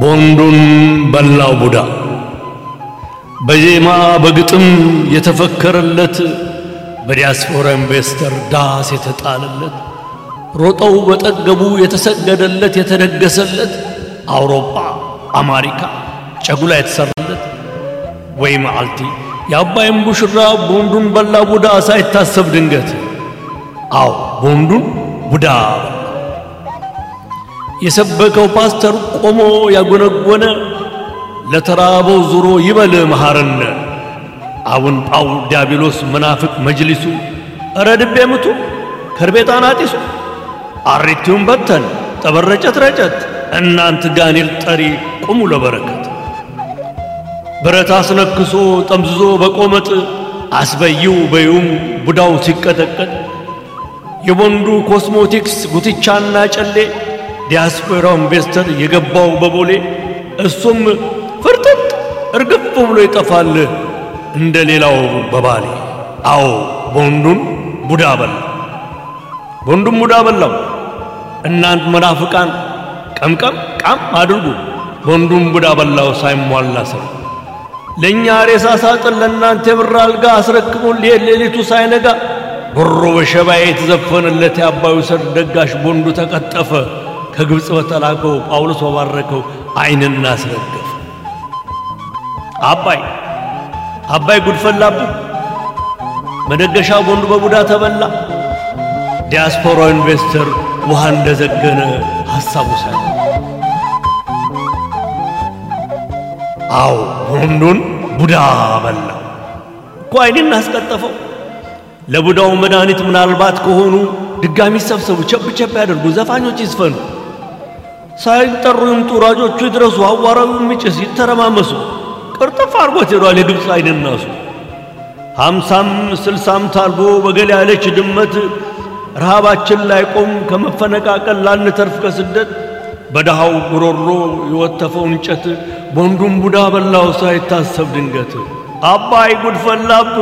ቦንዱን በላው ቡዳ በዜማ በግጥም የተፈከረለት በዲያስፖራ ኢንቨስተር ዳስ የተጣለለት ሮጠው በጠገቡ የተሰገደለት የተደገሰለት አውሮፓ አሜሪካ ጨጉላ የተሰራለት ወይ መዓልቲ የአባይም ቡሽራ ቦንዱን በላ ቡዳ ሳይታሰብ ድንገት አዎ ቦንዱን ቡዳ የሰበከው ፓስተር ቆሞ ያጎነጎነ ለተራበው ዙሮ ይበል መሐረነ አቡን ጳው ዲያብሎስ መናፍቅ መጅሊሱ ረድቤ ምቱ ከርቤጣና ጢሱ አሪቲውን በተን ጠበረጨት ረጨት እናንት ጋኔል ጠሪ ቁሙ ለበረከት ብረት አስነክሶ ጠምዝዞ በቆመጥ አስበይው በዩም ቡዳው ሲቀጠቀጥ የቦንዱ ኮስሞቲክስ ጉትቻና ጨሌ ዲያስፖራው ኢንቨስተር የገባው በቦሌ እሱም ፍርጥጥ እርግፍ ብሎ ይጠፋል እንደ ሌላው በባሌ። አዎ ቦንዱን ቡዳ በላ፣ ቦንዱን ቡዳ በላው። እናንት መናፍቃን ቀምቀም ቃም አድርጉ፣ ቦንዱን ቡዳ በላው። ሳይሟላ ሰው ለእኛ ሬሳ ሳጥን ለእናንተ የብር አልጋ አስረክቡን። ሌሊቱ ሳይነጋ ጉሮ በሸባዬ የተዘፈነለት የአባዩ ሰርግ ደጋሽ ቦንዱ ተቀጠፈ። ከግብፅ በተላከው ጳውሎስ በባረከው አይንን እናስረገፍ። አባይ አባይ ጉድፈላብህ መደገሻ ጎንዱ በቡዳ ተበላ። ዲያስፖራው ኢንቨስተር ውሃ እንደዘገነ ሐሳቡ ሳይ አው ወንዱን ቡዳ በላ እኮ አስቀጠፈው ለቡዳው መድኃኒት ምናልባት ከሆኑ ድጋሚ ሰብሰቡ፣ ቸብ ቸብ ያደርጉ፣ ዘፋኞች ይዝፈኑ። ሳይጠሩ ይምጡ ራጆቹ ይድረሱ አዋራው የሚጭስ ይተረማመሱ ቅርጥፍ አርጎት ሄዷል የግብፅ አይን እናሱ ሀምሳም ስልሳም ታርጎ በገል ያለች ድመት ረሃባችን ላይ ቆም ከመፈነቃቀል ላንተርፍ ከስደት በደሃው ጉሮሮ የወተፈው እንጨት ወንዱም ቡዳ በላው ሳይታሰብ ድንገት አባይ ጉድፈላብ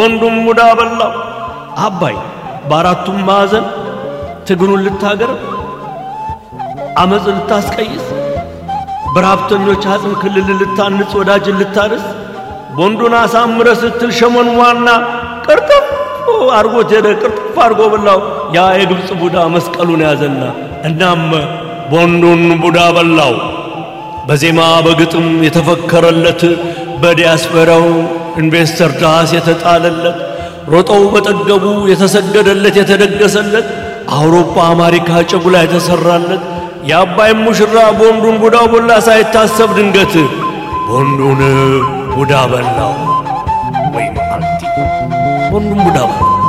ወንዱም ቡዳ በላው አባይ በአራቱም ማዕዘን ትግሉን ልታገር አመፅ ልታስቀይስ፣ በረሀብተኞች አጽም ክልል ልታንጽ፣ ወዳጅን ልታርስ፣ ቦንዱን አሳምረ ስትል ሸመን ዋና ቅርጥፍ አርጎት ሄደ ቅርጥፍ አርጎ በላው። ያ የግብፅ ቡዳ መስቀሉን ያዘና እናም ቦንዱን ቡዳ በላው። በዜማ በግጥም የተፈከረለት በዲያስፖራው ኢንቨስተር ዳስ የተጣለለት ሮጠው በጠገቡ የተሰገደለት የተደገሰለት አውሮፓ አማሪካ ጭጉላ የተሰራለት የአባይም ሙሽራ ቦንዱን ቡዳው ቦላ ሳይታሰብ ድንገት ቦንዱን ቡዳ በላው ወይ ወይም ቦንዱን ቡዳ በላው።